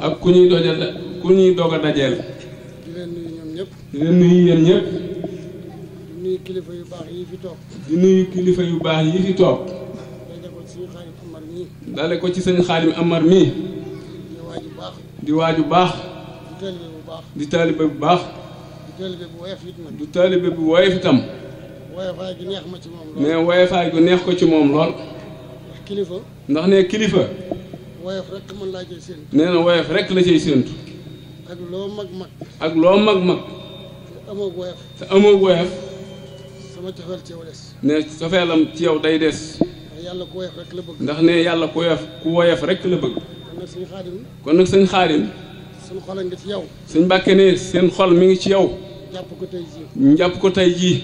ak ku ñuy doog a da ku ñuy doog a dajeel. di leen nuyu ñoom ñëpp. di leen nuyu yéen ñëpp. di nuyu kilifa yu baax yi fi toog. di nuyu kilifa yu baax yi fi toog. dale ko ci sëñ Xaadim Amar mii. di waaju baax. di waaju baax. di taalibe bu baax. di taalibe bu baax. di taalibe bu woyof itam. du taalibe bu woyof itam. woyofaay gi neex ma ci moom lool. mais woyofaay gu neex ko ci moom lool. ndax kilifa. ndax ne kilifa. woyof rek mën laa cay séentu. nee na woyof rek la cay séentu. ak loo mag mag. ak loo mag mag. te amoo woyof. te amoo woyof. ci yow day des. yàlla ku woyof rek la bëgg. ndax ne yàlla ku ku woyof rek la bëgg. kon nag kon nag sëñ xaadim. suñ xol a ngi ci yow. sëñ Mbàkke seen xol mi ngi ci yow. jàpp ko tey ko tey jii.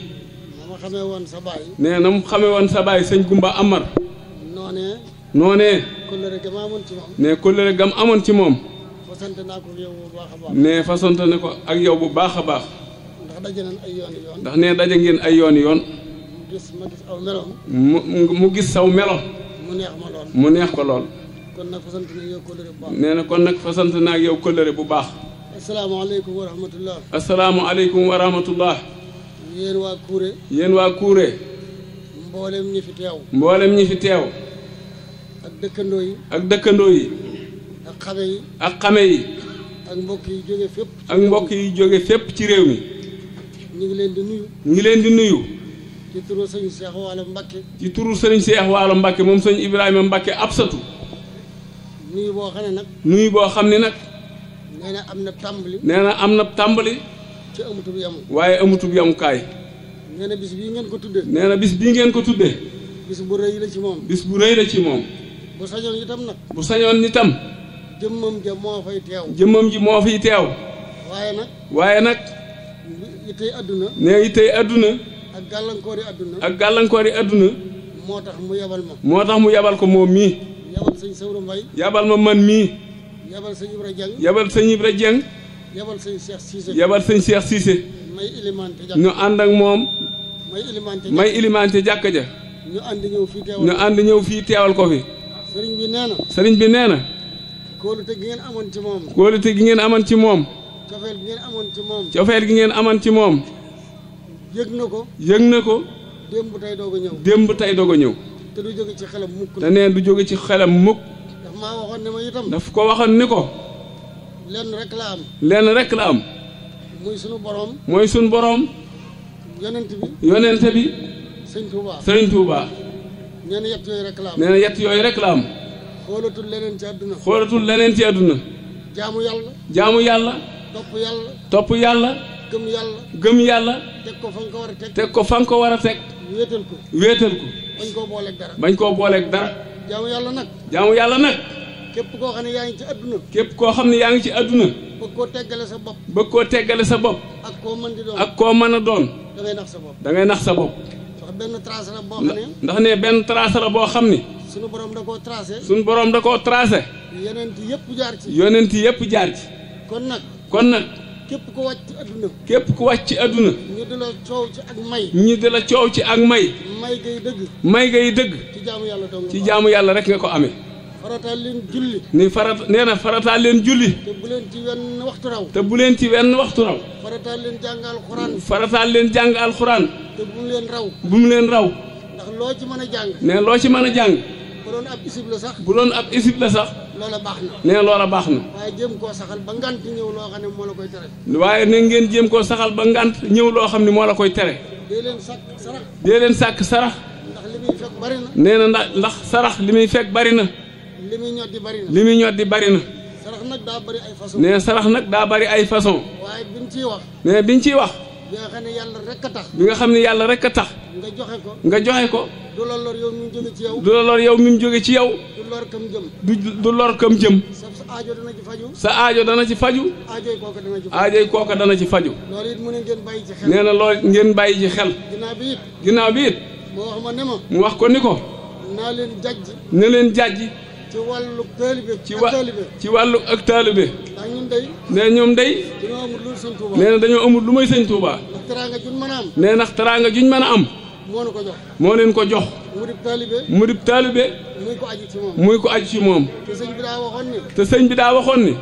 na ma xamee woon sa baay. nee na mu xamee woon sa baay sëñ Gumba Amar. noonee ne kóllëre gam amoon ci moom ne fasante ne ko ak yow bu baax a baax ndax ne daje ngeen ay yoon yoon mu mu gis saw melo mu neex ko lool nee na kon nag fasante naa ak yow kóllëre bu baax asalaamaaleykum wa rahmatullah asalaamaaleykum wa rahmatullah yéen waa Kuure yéen waa Kuure mboolem ñi fi teew mboolem ñi fi teew ak dëkkandoo yi. ak dëkkandoo yi. ak xame yi. ak xame yi. ak mbokk yi jóge fépp. ak mbokk yi jóge fépp ci réew mi. ñu ngi leen di nuyu. ñu ngi leen di nuyu. ci turu sëñ Cheikh Waalo Mbacke. ci turu sëñ Cheikh Waalo Mbacke moom sëñ Ibrahima mbakke absatu. nuyu boo xam ne nag. nuyu boo xam ne nag. nee na am na tàmbali. nee na am na tàmbali. ci amutub yamu. waaye amutub yamukaay. nee na bis bii ngeen ko tuddee. nee na bis bii ngeen ko tuddee. bis bu rëy la ci moom. bis bu rëy la ci moom. bu sañoon itam nag. bu sañoon itam. jëmmam ja moo fay teew. jëmmam ji moo fiy teew. waaye nag. waaye nag. itey adduna. nee itey adduna. ak gàllankoori adduna. ak gàllankoori adduna. moo tax mu yabal ma. moo tax mu yabal ko moom mii. yabal sëñ Sawru Mbay. yabal ma man mii. yabal sëñ Ibra Jeng. yabal sëñ Ibra Jeng. yabal sëñ Cheikh Cissé. yabal sëñ Cheikh Cissé. may ñu ànd ak moom. may ilimante jàkka may ilimante ja. ñu ànd ñëw fii ñu ànd ñëw fii teewal ko fi. sëriñ bi nee na. sëriñ bi nee na. kóolute gi ngeen amoon ci moom. kóolute gi ngeen amoon ci moom. cofeel gi ngeen amoon ci moom. cofeel gi ngeen amoon ci moom. yëg na ko. yëg na ko. démb tey doog a ñëw. démb tey doog a ñëw. te du jóge ci xelam mukk. nee du jóge ci xelam mukk. daf maa waxoon ne ma itam. daf ko waxoon ni ko. lenn rek la am. lenn rek la am. mooy sunu borom. mooy sunu borom. yonent bi. yonent bi. sëñ Touba. sëñ nee na yett yooyu rek la am nee na yooyu rek la am. xoolatul leneen ci àdduna. xoolatul leneen ci àdduna. jaamu yàlla. jaamu yàlla. topp yàlla. topp yàlla. gëm yàlla. gëm yàlla. teg ko fa ko war a teg. ko fa ko war a teg. wéetal ko. wéetal bañ koo booleeg dara. bañ koo booleeg dara. jaamu yàlla nag. jaamu yàlla nag. képp koo xam ne yaa ngi ci àdduna. képp koo xam ne yaa ngi ci àdduna. bëgg koo teggale sa bopp. bëgg koo teggale sa bopp. ak koo mën di doon ak koo mën a doon. da ngay nax sa bopp da ngay nax sa bopp. benn trace la boo ndax ne benn trace la boo xam ni. suñu boroom da koo tracé. suñu borom da koo tracé. yonent yëpp jaar ci. yonent yëpp jaar ci. kon nag. kon nag. képp ko wàcc ci àdduna. képp ku wàcc ci adduna ñu di la coow ci ak may. ñu di la coow ci ak may. may gay dëgg. may gay dëgg. ci jaamu yàlla dong ci jaamu yàlla rek nga ko amee. farataal leen julli. ni farat nee na farataal leen julli. te bu leen ci wenn waxtu raw. te bu leen ci wenn waxtu raw. farataal leen jàng alxuraan. farataal leen jàng alxuraan. te bu leen raw. bu mu leen raw. ndax loo ci mën a jàng. nee loo ci mën a jàng. bu doon ab isib la sax. bu doon ab isib la loola baax na. nee loola baax na. waaye jéem koo saxal ba ngant ñëw loo xam ne moo la koy tere. waaye ne ngeen jéem koo saxal ba ngant ñëw loo xam ni moo la koy tere. dee leen sàkk sarax. dee leen sàkk sarax. ndax sarax li muy fekk bari na. li muy ñoddi bari li muy ñoddi bari na. sarax nag daa bari ay façon. nee sarax nag daa bari ay façon. waaye biñ ciy wax. nee biñ ciy wax. bi nga xam ne yàlla rek a tax. bi nga xam ne yàlla rek a tax. nga joxe ko. nga joxe ko. du la lor yow mu jóge ci yaw du la lor yow mi mu jóge ci yow. kam jëm. du du lor kam jëm. sa aajo dana ci faju. sa aajo dana ci faju. aajoy kooka dana ci faju. aajoy dana ci faju. loolu it mu ne ngeen bàyyi ci nee na lool ngeen bàyyi ci xel. ginnaaw bi it. ginnaaw bi it. mu wax ma ne ma. mu wax ko ni ko. naa leen jàjj. na leen jàjj. ci wàllu taalibe ci wa ci wàllu ak taalibe ndax ñun day ñoom day dañoo amul lu sëñ dañoo amul lu may sëñ Tuuba ndax teraanga juñ a am ndax teraanga juñ mën a am moo leen ko jox moo leen ko jox mu dib taalibe mu dib muy ko aju ci moom ko aju moom te sëñ bi daa waxoon ni te sëñ bi daa waxoon ni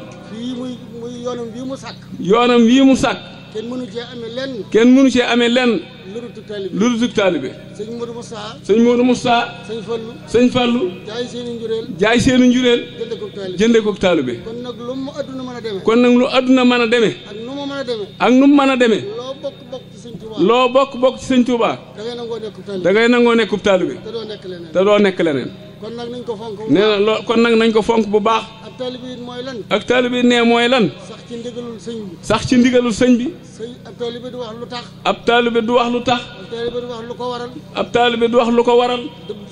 yoonam wii mu sàkk yoonam wii mu sàkk kenn mënu cee amee lenn kenn mënu cee amee lenn lurutug taalibe lurutug taalibe. sëñ Modou Moussa. sëñ Modou Moussa. sëñ Fallou. sëñ Fallou. jaay seeni njureel. jaay seeni njureel. jëndee koog taalibe jëndee koog taalibe. kon nag lu mu adduna mën a demee. kon nag lu adduna mën a demee. ak nu mu mën a ak nu mu mën a demee. loo bokk bokk sëñ Touba. loo bokk bokk ci sëñ Touba. da ngay nangoo nekkub taalibe. da ngay nangoo nekkub taalibe. te doo nekk leneen te doo nekk leneen. kon nag nañ ko fonk nee na loo kon nag nañ ko fonk bu baax. ak taalibe it mooy lan. ak taalibe nee mooy lan. sax ci ndigalul sëñ bi. sax ci ndigalul sëñ bi. sëñ ab taalibe du wax lu tax. ab taalibe du wax lu tax. ab taalibe lu ko waral. ab taalibe du wax lu ko waral.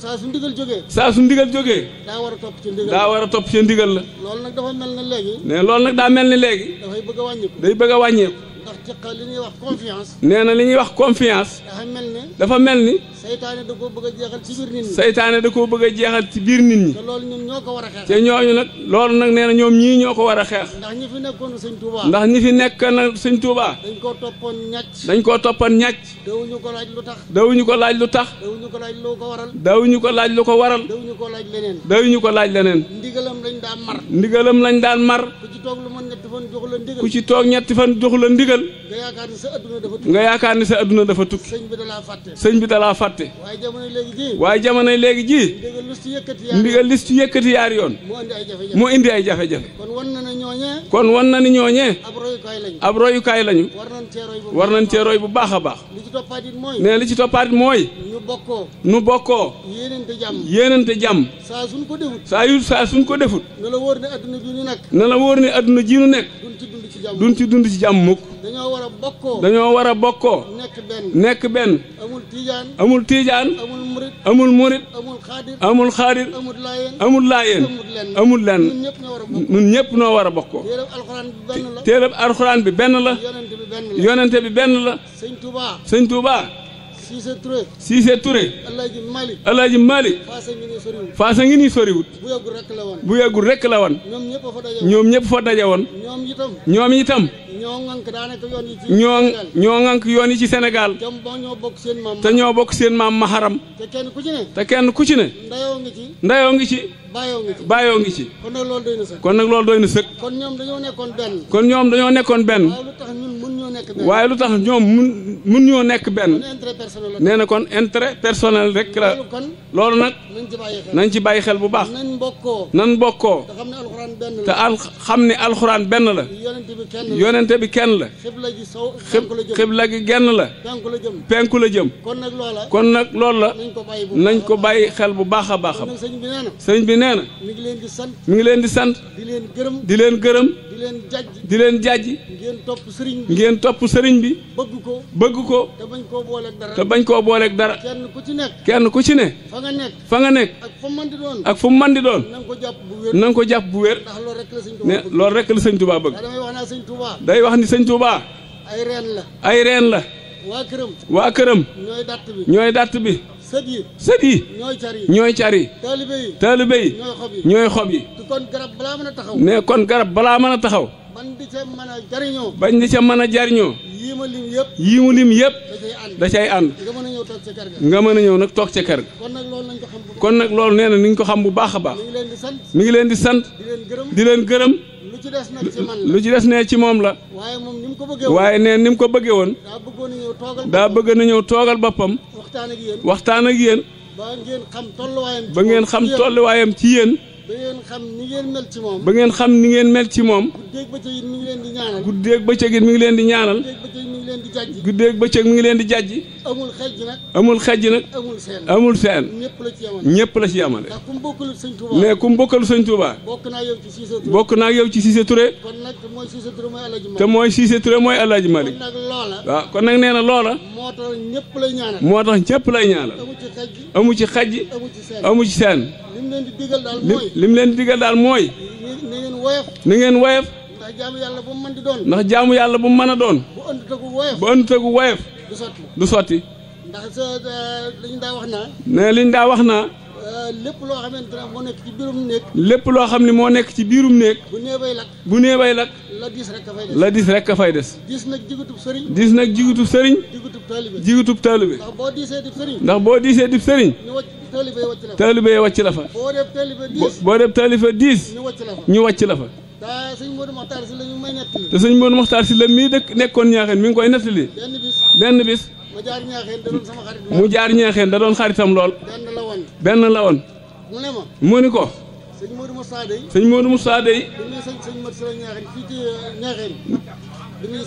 saa su ndigal jógee. saa su ndigal jógee. daa war a topp ci ndigal daa war a topp ci ndigal la. loolu nag dafa mel ne léegi. nee loolu nag daa mel ni léegi. dafay bëgg a day bëgg a wàññeeku. ndax jëqa li ñuy wax confiance. nee na li ñuy wax confiance. dafa mel ni. dafa mel ni. saytaane da koo bëgg a jeexal ci biir nit ñi. saytaane da koo bëgg a jeexal ci biir nit ñi. te loolu ñun ñoo ko war a xeex. te ñooñu nag loolu nag nee na ñoom ñii ñoo ko war a xeex. ndax ñi fi nekkoon sëñ Touba. ndax ñi fi nekk na sëñ Touba. dañ koo toppoon ñàcc. dañ koo toppoon ñàcc. dawuñu ko laaj lu tax. dawuñu ko laaj lu tax. dawuñu ko laaj lu ko waral. dawuñu ko laaj lu ko waral. dawuñu ko laaj leneen. dawuñu ko laaj leneen. ndigalam lañ daan mar. ndigalam lañ daan mar. ku ci toog lu ku ci toog ñetti fan joxu la ndigal nga yaakaar ni sa adduna dafa tukki sëñ bi dalaa fàtte waaye jamono léegi jii ndigal lis ci yëkkati yaar yoon mu indi ay jafe-jafe kon wan na ni ñooñee ab royukaay lañu war nañ cee roy bu baax a baax nee li ci toppaatit mooy bokkoo nu bokkoo yéenante jàmm jàmm saa suñ ko defut saa yu suñ ko defut na la wóor adduna ji ñu nekk na la wóor ne adduna ji ñu nekk duñ ci dund ci jàmm mukk dañoo war a bokkoo dañoo war a bokkoo nekk benn nekk benn amul tiijaan amul tiijaan amul murit amul murit amul xaadir amul laayeen amul lenn ñun ñëpp noo war a bokkoo téerab alxuraan bi benn la yonente bi benn la sëñ Touba Cissé Touré. Cissé Touré. Alaaji Malick. Alaaji Malick. Faasa ngi nii soriwut. Faasa bu yàggul rek la woon. bu ñoom ñëpp fa daje woon. ñoom ñëpp fa daje woon. ñoom itam. ñoom itam. ñoo ŋànk yoon yi ci. ñoo ñoo ŋànk yoon yi te ñoo bokk seen maam. te ñoo bokk seen maam Maharam. te kenn ku te kenn ku ci ndayoo ngi ci. ndayoo ngi ci. bàyyoo ngi ci kon nag loolu doy na sëkk kon nag loolu doy na sëkk kon ñoom dañoo nekkoon benn kon ñoom dañoo nekkoon benn waaye lu tax ñoom mun mun ñoo nekk benn nee na kon intérêt personnel rek la loolu nag nañ ci bàyyi xel bu baax nan bokkoo te al xam ni alxuraan benn la yonente bi kenn la xibla gi genn la penku la jëm kon nag loolu la nañ ko bàyyi xel bu baax a baax nee na. mi ngi leen di sant. mi ngi leen di sant. di leen gërëm. di leen gërëm. di leen jàjj. di leen jàjj. ngeen topp sëriñ bi. ngeen topp sëriñ bi. bëgg ko. bëgg ko. te bañ koo booleeg dara. te bañ koo booleeg dara. kenn ku ci nekk. kenn ku ci ne. fa nga nekk. fa nga nekk. ak fu mën di doon. ak fu man di doon. na ko jàpp bu wér. na nga ko jàpp bu wér. ndax loolu rek la sëñ Touba bëgg. ne loolu rek la sëñ Touba bëgg. day wax ni sëñ Touba. ay reen la. ay reen la. waa këram. waa ñooy dàtt bi. sët yi sët yi ñooy car yi ñooy car yi taalibe yi taalibe yi ñooy xob yi kon garab balaa mën a taxaw ne kon garab balaa mën a taxaw bañ di ca mën a jariñoo bañ di ca mën a jariñoo yii ma lim yëpp yii mu lim yëpp da cay ànd nga mën a ñëw toog ca kër ga nga mën a ñëw nag toog ca kër gi kon nag loolu kon nag loolu nee na ni ñu ko xam bu baax a baax mi ngi leen di sant mi di leen gërëm lu ci des nag ci lu ci des ne ci moom la waaye moom ni mu ko bëggee waaye nee ni mu ko bëggee woon daa bëgg na ñëw toogal boppam waxtaan ak yéen waxtaan ak yéen ba ngeen xam tolluwaayam ba ngeen xam tolluwaayam ci yéen ba ngeen xam ni ngeen mel ci moom ba ngeen xam ni ngeen mel ci moom guddeeg bëccëg it mi ngi leen di ñaanal mi ngi leen di ñaanal jàjj. guddeeg bëccëg mi ngi leen di jàjj. amul xejj nag. amul xejj nag. amul seen amul ñëpp la ci yemale ñëpp la ci yemale. ndax ku mu bokkalu sëñ Touba. mais ku mu bokkalu sëñ Touba. bokk naa yow ci Cissé ci Cissé Touré. kon nag mooy Cissé mooy El Hadj te mooy Cissé mooy El Hadj kon nag loola. waaw kon nag nee na loola. moo tax ñëpp la ñaanal. moo tax ñëpp lay ñaanal. amu ci xejj. amu ci seen amu ci leen di digal daal mooy lim leen di digal daal mooy. na ngeen woyof. na ngeen woyof. ndax jaamu yàlla bu mu mën a doon. bu ëndut ak woyof du sotti du sotti. ndax sa liñ daa wax naa. ne liñ daa wax naa. Euh, lépp loo xamante ne moo nekk ci lépp loo xam ne moo nekk ci biirum néeg. bu nee bay lakk. bu nee bay lakk. la diis rek ka fay des. la diis rek ka des. diis nag jigutub sëriñ. diis nag jigutub sëriñ. jigutub taalibe jigutub taalibe. ndax boo diisee dib sëriñ. ndax boo diisee dib sëriñ. taalibe wàcc la fa. taalibe wàcc la fa. boo def taalibe diis. boo def taalibe ñu wàcc la fa. te sëñ Modou Mokhtar si la sëñ Modou Mokhtar si la mii dëkk nekkoon ñaaxeen mi ngi koy nettali. benn bis benn bis. mu jaar ñaaxeen da doon sama xarit xaritam lool. benn la woon benn la woon. mu ne ma mu ni ko. sëñ Modou Moustapha Dey. sëñ Modou Moustapha Dey. bi muy sant sëñ Mat si la fii ci ñaaxeen. Euh, muy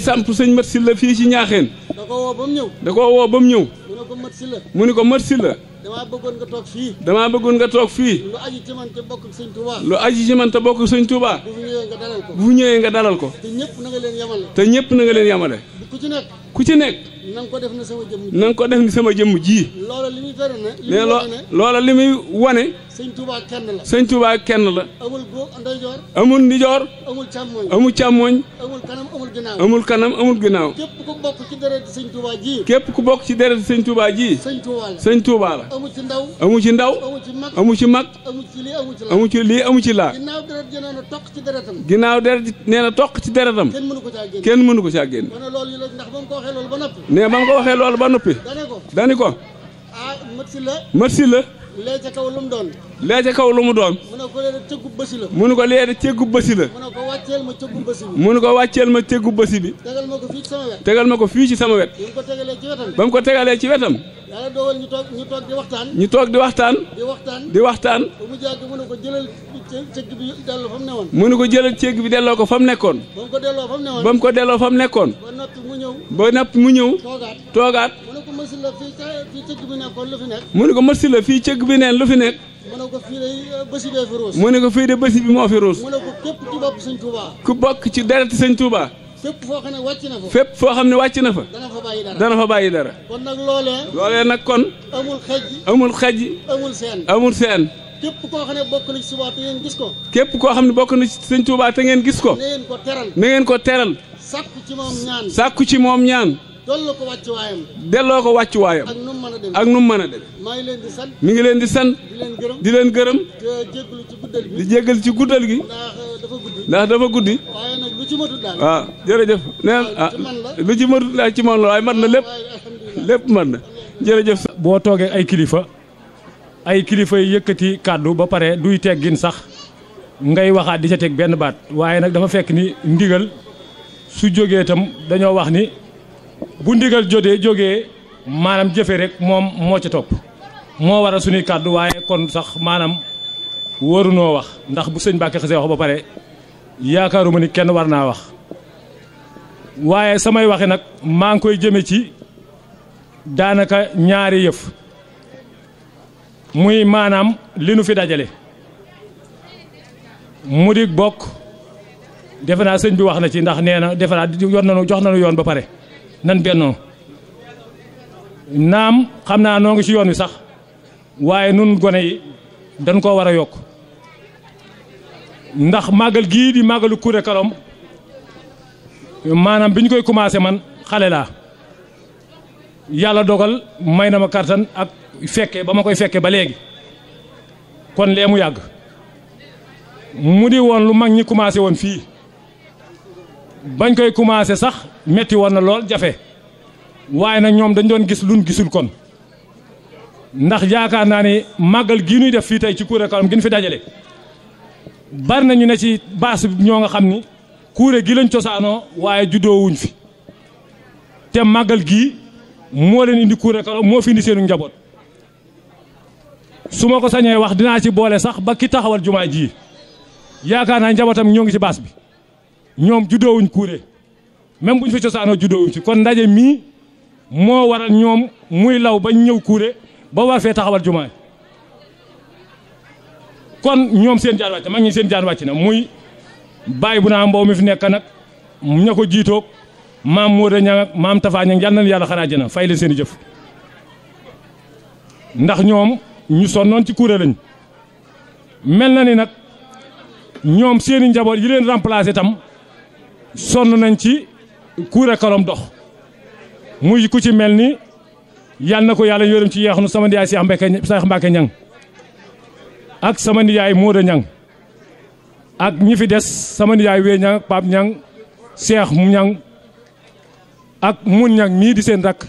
sant sëñ Mat si la fii ci ñaaxeen. da koo woo ba mu ñëw. da koo woo ba mu ñëw. ko merci la. mu ni ko merci la. damaa bëggoon nga toog fii. damaa bëggoon nga toog fii. lu aji ci man bokk ak sëñ Touba. lu aji ci man bokk ak sëñ Touba. bu ñëwee nga dalal ko. bu ñëwee nga dalal ko. te ñëpp na nga leen yemale. te ñëpp na nga leen yemale. ku ci nekk. ku ci nekk. na nga ko def ni sama jëmm ji. na nga ko def ni sama jëmm ji. loola li muy tere ne. loola li muy wane. sëñ Touba kenn la. sëñ Touba kenn la. amul góor ndeyjoor. amul ndijoor. amul càmmoñ. amul càmmoñ. amul kanam amul ginnaaw. amul kanam amul ginnaaw. képp ku bokk ci deret sëñ Touba ji. képp ku bokk ci deret sëñ Touba ji. sëñ Touba la sëñ Touba amul ci ndaw. amul ci ndaw. amul ci mag amul ci mag. amul ci lii amul ci laa. amul ci lii ci laa. ginnaaw deret ji nee na toq ci deretam. ginnaaw deret nee na toq ci deretam. kenn mënu ko caa génn kenn mënu ko caa génn. ma ne loolu ndax ba mu ko waxee loolu ba noppi. nee ba mu ko waxee loolu ba noppi. dani ko dani ko. ah merci la lee ca kaw lu mu doon. lee kaw lu mu doon. mu ne ko lee cëggu bësi la. mu ne ko lee de cëggu bësi la. wàcceel ma cëggu bësi bi. ne ko wàcceel ma cëggu bësi bi. tegal ma ko fii ci sama wet. ma ko fii ci sama wet. ba mu ko tegalee ci wetam. ko tegalee ci wetam. yàlla dogal ñu toog ñu toog di waxtaan. ñu toog di waxtaan. di waxtaan di waxtaan. ba mu jàgg mu ne ko jëlal cëgg bi delloo mu ne ko jëlal cëgg bi delloo ko fa mu nekkoon. ba mu ko delloo fa mu nekkoon. ba mu ko delloo fa mu nekkoon. ba noppi mu ñëw. ba noppi mu ñëw. toogaat toogaat. mësi la fii fii cëgg mu ne ko mësi la fii cëgg bi neen lu fi nekk. mu ne ko fii de euh, bësi bee fi ruus. mu ne ko fii de bësi bi moo fi ruus. mu ne ko képp ku bokk sëñ Touba. ku bokk ci deret sëñ Touba. fépp foo xam ne wàcc na fa. fépp foo xam ne wàcc na fa. dana fa bàyyi dara dana fa bàyyi dara. kon nag loolee. loolee nag kon. amul xej. amul xej. amul seen. amul seen. képp koo xam ne bokk na ci Touba te ngeen gis ko. képp koo xam ne bokk na ci sëñ Touba te ngeen gis ko. na ko teral na ngeen ko teral. sàkku ci moom ñaan sàkku ci moom ñaan. delloo ko wàccuwaayam. delloo ko wàccuwaayam. ak nu mu mën a demee mu ngi leen di san di leen gërëm di ci guddal gi. di jéggal ci guddal gi. ndax eh, dafa guddi. ndax dafa guddi. waaye lu ci matut daal. Ah, jërëjëf. nee ah, ci matut daal man la waaye mat na lépp. lépp mat na jërëjëf. boo toogee ay kilifa ay kilifa yi yëkkati kàddu ba pare duy teggin sax ngay waxaat di ca teg benn baat waaye nag dafa fekk ni ndigal su jógee itam dañoo wax ni bu ndigal jotee jóge maanaam jëfe rek moom moo ci topp moo waral suñuy kàddu waaye kon sax maanaam warunoo wax ndax bu sëñ Mbàkke xasee wax ba pare yaakaaruma ni kenn war naa wax waaye samay waxe nag maa ngi koy jëme ci daanaka ñaari yëf muy maanaam li nu fi dajale mu di bokk defe naa sëñ bi wax na ci ndax nee na defe naa yor nanu jox nanu yoon ba pare nan bennoo naam xam naa noo ngi ci yoon wi sax waaye nun gone yi dañ koo war a yokk ndax màggal gii di màggalu Kuré Kalom maanaam bi ñu koy commencé man xale laa yàlla dogal may na ma kartan ak fekke ba ma koy fekke ba léegi kon lee mu yàgg mu di woon lu mag ñi commencé woon fii bañ koy commencé sax metti woon na lool jafe waaye nag ñoom dañ doon gis luñ gisul kon ndax yaakaar naa ne màggal gii nuy def fii tey ci kuréel Kalom gi fi dajale bari nañu ne ci baas bi ñoo nga xam ni kuure gi lañ cosaanoo waaye juddoo fi te màggal gii moo leen indi kuréel Kalom moo fi indi seenu njaboot su ma ko sañee wax dinaa ci boole sax ba ki taxawal jumaa ji yaakaar naa njabootam ñoo ngi ci baas bi. ñoom juddoowuñ Kuure même buñ fi cosaanoo juddoowuñ ci kon ndaje mii moo waral ñoom muy law bañ ñëw Kuure ba war fee taxawal jumaa kon ñoom seen jaan wàcc mag ñi seen jaan wàcc na muy bàyyi bu naa mbow mi fi nekk nag ña ko jiitoog maam Modou Niang ak maam Tafa Niang yal na yàlla xanaa jëna fay leen seen jëf ndax ñoom ñu sonnoon ci Kuure lañ mel na ni nag ñoom seeni njaboot yi leen remplacé tam sonn nañ ci kuure kolom dox muy ku ci mel ni yal na ko yàlla yërëm ci yeexnu sama ndiyaay Seex Mbàkke Seex Mbàkke ñang ak sama ndiyaay Mooda ak ñi fi des sama ndiyaay wee ñang Paap ñang Seex mu ñang ak mun ñang mii di seen rakk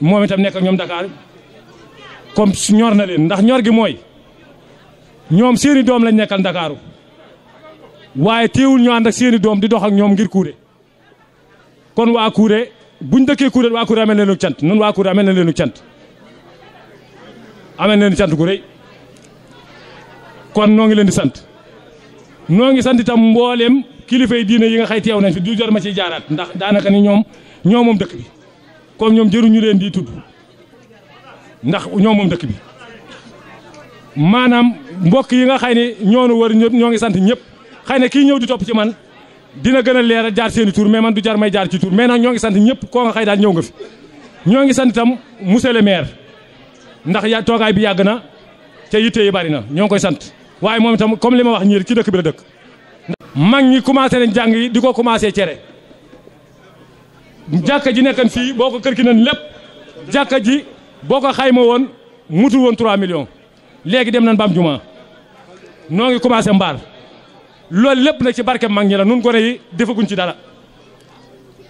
moom itam nekk ak ñoom Dakar comme ñor na leen ndax ñor gi mooy ñoom seeni doom lañ nekkal Ndakaaru waaye teewul ñu ànd ak seeni doom di dox ak ñoom ngir Kouré kon waa Kouré buñ dëkkee Kouré waa Kouré amee na leenu cant nun waa Kouré amee na leenu cant amee na leenu cant gu rëy kon noo ngi leen di sant noo ngi sant itam mbooleem kilifa yi diine yi nga xay teew nañ fi du jar ma ciy jaaraat ndax daanaka ni ñoom ñoo moom dëkk bi comme ñoom jëruñu leen di tudd ndax ñoo moom dëkk bi maanaam mbokk yi nga xay ne ñoo nu wër ñëpp ñoo ngi sant ñëpp xay na kii ñëw di topp ci man dina gën a leer jaar seen i tur mais man du jar may jaar ci tur mais nag ñoo ngi sant ñëpp koo nga xëy daal ñëw nga fi ñoo ngi sant tam monsieur le maire ndax ya toogaay bi yàgg na te yitte yi bari na ñoo ngi koy sant waaye moom itam comme li ma wax ñii ci dëkk la dëkk mag ñi commencé nañ jàng yi di ko commencé cere jàkka ji nekkan fii boo ko kër ki nañ lépp jàkka ji boo ko xayma woon mutul woon 3 millions léegi dem nañ bam juma noo ngi commencé mbaar loolu lépp nag ci barke mag ñi la nun gone yi defaguñ ci dara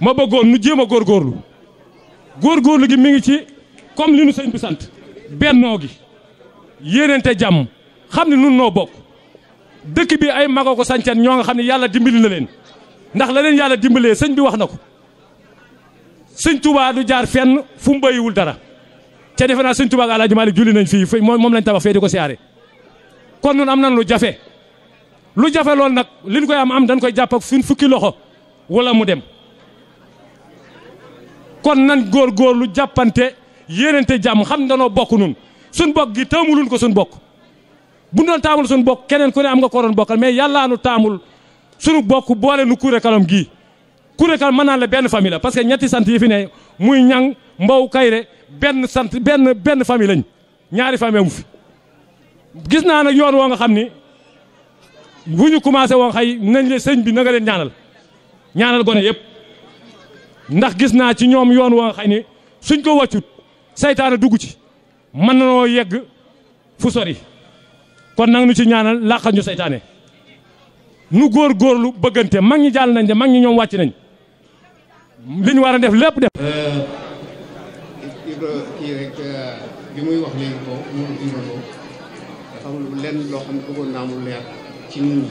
ma bëggoon nu jéem a góor góorlu gi mi ngi ci comme li nu sëñ bi sant bennoo gi yéenente jàmm xam ne nun noo bokk dëkk bi ay magoo ko sancen ñoo nga xam ne yàlla dimbali na leen ndax la leen yàlla dimbalee sëñ bi wax na ko sëñ Touba du jaar fenn fu mu bayiwul dara ca defe naa sëñ Touba ak Alaaji Maalik julli nañ fii moom lañ tabax fee di ko siyaare kon nun am nañ jafe lu jafe lool nag li ñu koy am am dañ koy jàpp ak fukki loxo wala mu dem kon nan góor góor lu jàppante yéenante jàmm xam ne danoo bokk nun suñ bokk gi taamuluñ ko suñ bokk bu doon taamul suñ bokk keneen ku ne am nga ko bokkal mais yàllaa nu taamul suñu bokk boole nu kure Kalom gi kure Kalom mën naa la benn famille la parce que ñetti sant yi fi ne muy ñang mbaw kayre benn sant benn benn famille lañ ñaari famille amu fi gis naa nag yoon woo nga xam ni bu ñu commencé woon xay nañ le sëñ bi na nga leen ñaanal ñaanal gone yëpp ndax gis naa ci ñoom yoon woo xay ne suñ ko wàccut seytaane dugg ci mën nanoo yegg fu sori kon nag nu ci ñaanal làqal ñu seytaane nu góor góorlu bëggante mag ñi jàll nañ de mag ñi ñoom wàcc nañ li ñu war a def lépp def euh, euh, wax ko moom indi ko ci nit ñi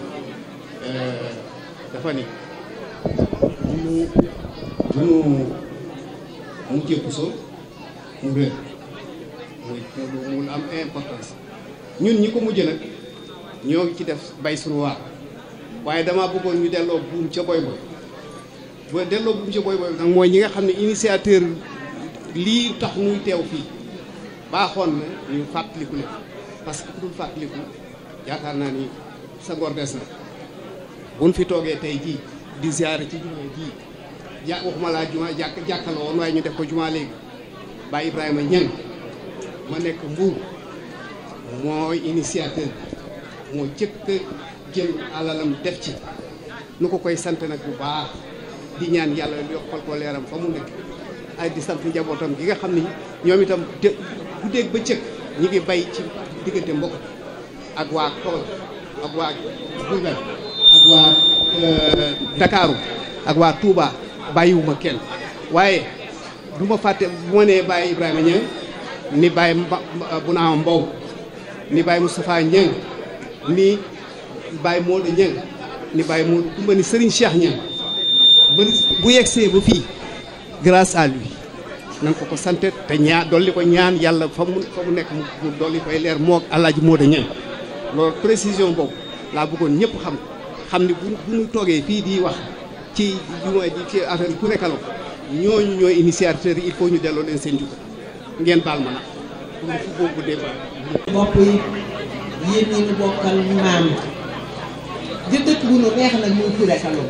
euh, dafa ne du du mu jëpp mu mu mun am importance ñun ñi ko mujj nag ñoo ngi ci def bay suñu waaye damaa bëggoon ñu delloo buum ca boy boy ba delloo buum ca boy boy nag mooy ñi nga xam ne initiateur lii tax ñuy teew fii baaxoon na ñu fàttaliku leen parce que fàttaliku yaakaar naa ni sa ngor des na buñ fi toogee tey jii di ziare ci jumaa jii ja waxuma laa jumaa jàkk woon waaye ñu def ko jumaa léegi Baye Ibrahima Niang ma nekk Mbuur mooy initiateur moo jëkk jël alalam def ci nu ko koy sant nag bu baax di ñaan yàlla yokkal ko leeram fa mu nekk ay di sant njabootam gi nga xam ne ñoom itam dé bu dégg ba cëkk ñi ngi bay ci diggante mbokk ak waa tool ak waa Diourbel ak waa Ndakaaru ak waa bàyyiwuma kenn waaye du ma fàtte bu ma nee Baye ni Baye bu naa Mbow ni Baye mu Niang ni Baye Modou Niang ni Baye Modou Koumba ni Serigne Cheikh Niang bu yegsee ba fii grâce à nan ko ko sant te ñaa dolli ko ñaan yàlla fa mu fa mu nekk mu dolli koy leer moog Alaaji Modou loolu précision boobu laa bëggoon ñëpp xam xam ni bu bu ñu toogee fii di wax ci jumaa ji ci affaire ku rekaloo ñooñu ñooy initiateur yi il ñu delloo leen seen jukka ngeen baal ma nag pour fu boobu débat bopp yi yéen ñi ñu bokkal maam di dëkk bu nu neex nag ñu ku rekaloo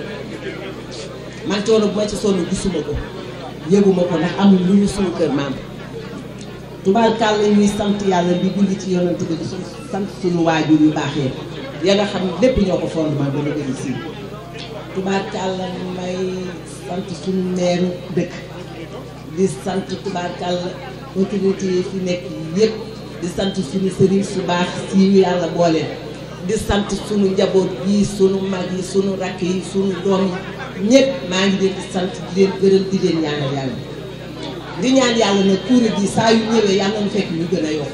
man coono bu ma gisuma ko yëguma ko ndax amul lu ñu suñu kër maam mbarkaal la ñuy sant yàlla di bind ci yonent bi di sant suñu waajur yu baaxee ya nga xam lépp ñoo ko fondement ba nga gën siiw tubaarkàlla may sant suñu meeru dëkk di sant tubaarkàlla autorité yi fi nekk yëpp di sant suñu sëriñ su baax sii ñu yàlla boole di sant suñu njaboot yi suñu mag yi suñu rakk yi suñu doom yi ñëpp maa ngi leen di sant di leen gërëm di leen ñaanal yàlla di ñaan yàlla ne kuréel gi saa yu ñëwee yàlla na fekk ñu gën a yokk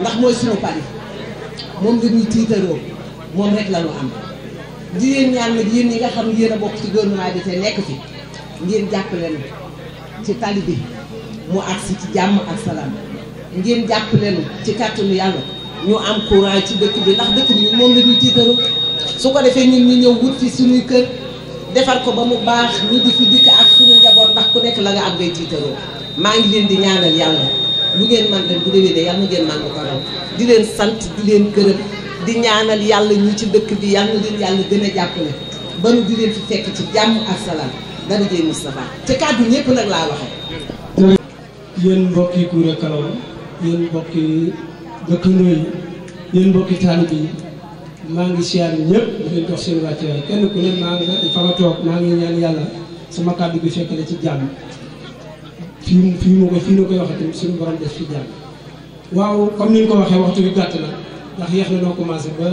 ndax mooy suñu pari moom la ñuy tiitaroo moom rek la ñu am di leen ñaan nag yéen ñi nga xam yéen a bokk ci gouvernement bi te nekk fi ngeen jàppale nu ci tali bi mu agsi ci jàmm ak salaam ngeen jàppale nu ci kàttanu yàlla ñu am courant ci dëkk bi ndax dëkk bi moom la ñuy tiitaroo su ko defee ñun ñu ñëw wut fi suñuy kër defar ko ba mu baax ñu di fi dikk ak suñu njaboot ndax ku nekk la nga am maa ngi leen di ñaanal yàlla lu ngeen man ren bu déwénee yàlla na ngeen man ko raw di leen sant di leen di ñaanal yàlla ñu ci dëkk bi yàlla na leen yàlla gën a jàppale ba nu di leen fi fekk ci jàmm ak salaam dara jee Moustapha te kàddu ñëpp nag laa waxee. yéen mbokki Kouré Kalom yéen mbokki dëkkandoo yi yéen mbokki taalibe yi maa ngi siyaar ñëpp kenn ku maa nga fa toog maa ngi ñaan yàlla sama kàddu bi fekk na ci jàmm. fii fii moo ko fii la koy waxee tamit suñu borom def fi jàmm waaw comme ni ñu ko waxee waxtu bi gàtt na ndax yéex na noo commencé ba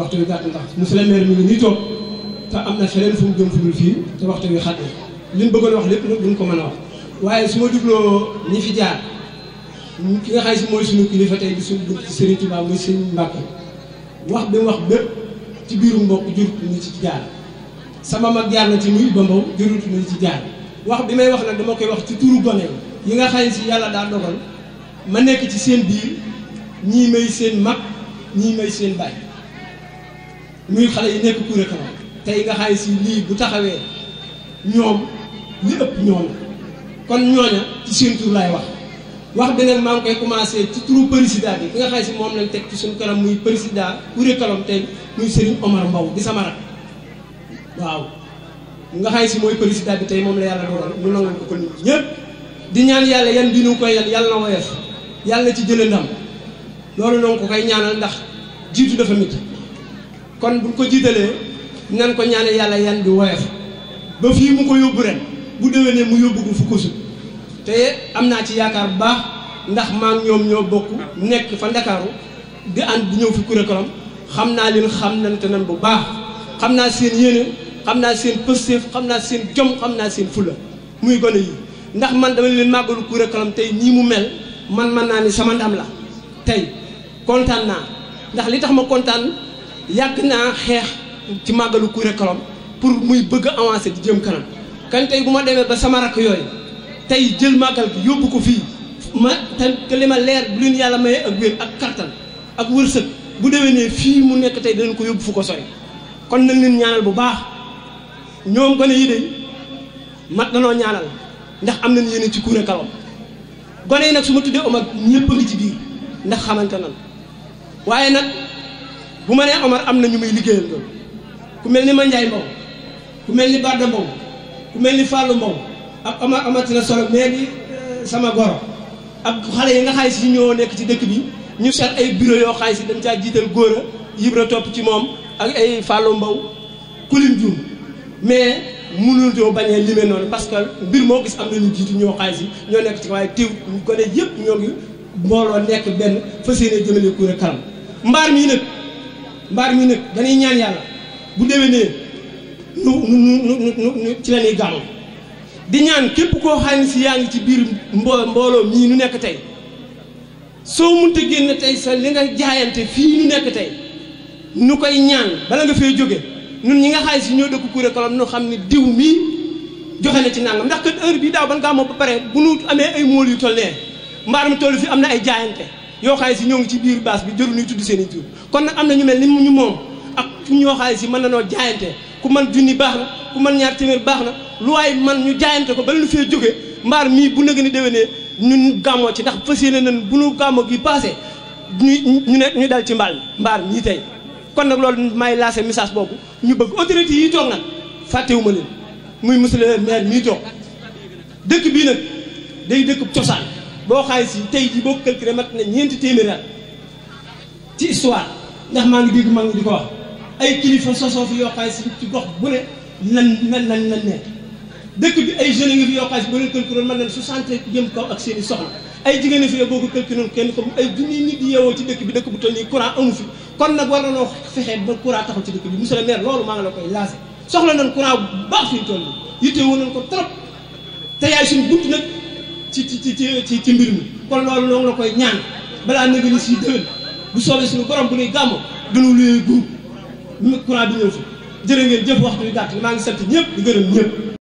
waxtu bi gàtt ndax monsieur le maire mi ngi nii toog te am na feneen fu mu jëm fii te waxtu bi xat na li ñu bëggoon wax lépp nag duñ ko mën a wax waaye su ma jubloo ñi fi jaar ki nga xam si mooy suñu kilifa tey di suñu bunt ci Serigne Touba muy sëñ Mbàkke wax bi wax bépp ci biiru mbokk jurut ñu ci jaar sama mag jaar na ci muy ba mbaw jurut ñu ci wax bi may wax nag dama koy wax ci turu gone yi nga xam si yàlla daa dogal ma nekk ci seen biir ñii may seen mag ñii may seen baay muy xale yi nekk Kouré Kama tey nga xam si lii bu taxawee ñoom li ëpp ñoom kon ñooña ci seen wax wax bi nag maa ngi ci turu président bi ki nga xam si moom lañ teg ci suñu kanam muy président Kouré Kalom tey muy Serigne Omar Mbow di sama rak waaw nga xay si mooy président bi tey moom la yàlla dogal ñu nangul ko kon ñëpp di ñaan yàlla yan bi nu koy yan yàlla na woyof yàlla ci jëlee ndam loolu noonu ko koy ñaanal ndax jiitu dafa mit kon buñ ko jiitalee nan ko ñaanal yàlla yan bi woyof ba fii mu ko yóbbu ren bu déwénee mu yóbbu ko fu ko te am naa ci yaakaar bu baax ndax maa ñoom ñoo bokk nekk fa Ndakaaru di ànd di ñëw fi Kuré Kalom xam naa leen xam nañ te nan bu baax xam naa seen yéene. xam naa seen pëstéef xam naa seen jom xam naa seen fula muy gone yi ndax man dama leen màggalu Coura Kallam tey nii mu mel man man naa ni sama ndam la tey kontaan naa ndax li tax ma kontaan yàgg naa xeex ci màggalu Coura Kallam pour muy bëgg a avancer di jëm kanam kan tey bu ma demee ba sama rakk yooyu tey jël màggal bi yóbbu ko fii ma te li ma leer bu leen yàlla maye ak wér ak kartan ak wërsëg bu nee fii mu nekk tey dinañ ko yóbbu fu ko sori kon nañ leen bu baax ñoom gone yi de mat nanoo ñaanal ndax am nañu yéene ci kuure kawam gone yi nag su ma tuddee Omar ñëpp ngi ci biir ndax xamante nan waaye nag bu ma nee Omar am na ñu muy liggéeyal loolu ku mel ni Mandiaye Mbow ku mel ni Badda Mbow ku mel ni Fallou Mbow ak Omar amatina solo mais euh, sama gor ak xale yi nga xaalis si ñoo nekk ci dëkk bi ñu seet ay bureau yoo xaalis si dañ caa jiital góor a topp ci moom ak ay Fallou mbaw kulim juum mais mënutoo bañ a limee noonu parce que mbir moo gis am na ñu jiitu ñoo xaalis yi ñoo nekk ci waaye teew ñu gone yëpp ñoo ngi mbooloo nekk benn fas yéene jëmale Kouré kanam mbaar mii nag mbaar mii nag dañuy ñaan yàlla bu déwénee nu nu nu ci la ñuy gàmm di ñaan képp koo xam si yaa ngi ci biir mbo mbooloo mii nu nekk tey soo mënta génn tey sa li nga jaayante fii nu nekk tey nu koy ñaan bala nga fee jóge ñun ñi nga xaalis si ñoo dëkk Kuuré Kalom ñu xam ne diw mii joxe na ci nangam ndax kat heure bi daaw ban gàmmu ba pare bu nu amee ay mool yu toll nee mbaaram toll fi am na ay jaayante yoo xaalis yi ñoo ngi ci biir baas bi jëru ñuy tudd seen kon nag am na ñu mel ni ñu moom ak ñoo xaalis si man na noo jaayante ku man junni baax na ku man ñaar téeméer baax na lu waaye man ñu jaayante ko ba lu fee jógee mbaar mii bu nëgë ni déwénee ñun gàmmoo ci ndax fas yéene nañ bu nu gàmmoo gi passé ñu ñu ne ñu dal ci mbaal mbaar ñii tey kon nag loolu may lancé message boobu ñu bëgg autorité yi toog nag fàttewuma leen muy monsieur le maire mii toog dëkk bii nag day dëkk cosaan boo xaay tey jii boo mat na ñeenti téeméeri ci histoire ndax maa ngi dégg maa ngi di ko wax ay kilifa sosoo fi ci gox bu ne nan nan nan nan ne dëkk bi ay jeunes ngi fi yoo xaay na soixante jëm kaw ak seen i soxla ay jigéen fi yoo boo ko calculé kenn ko ay junni nit yeewoo ci dëkk bi dëkk bu toll nii courant amu fi kon nag war na noo fexe ba courant taxaw ci dëkk bi monsieur le maire loolu maa ngi la koy lancé soxla nañ courant bu baax fi ñu toll nii yitte woon nañ ko trop te yaay suñu bunt nag ci ci ci mbir mi kon loolu noo ngi la koy ñaan balaa nga ni si déwén bu soobee suñu borom bu ñuy gàmm duñu luyee guub courant bi ñëw fi jërë ngeen jëf waxtu bi gàtt maa ngi sant ñëpp di gërëm ñëpp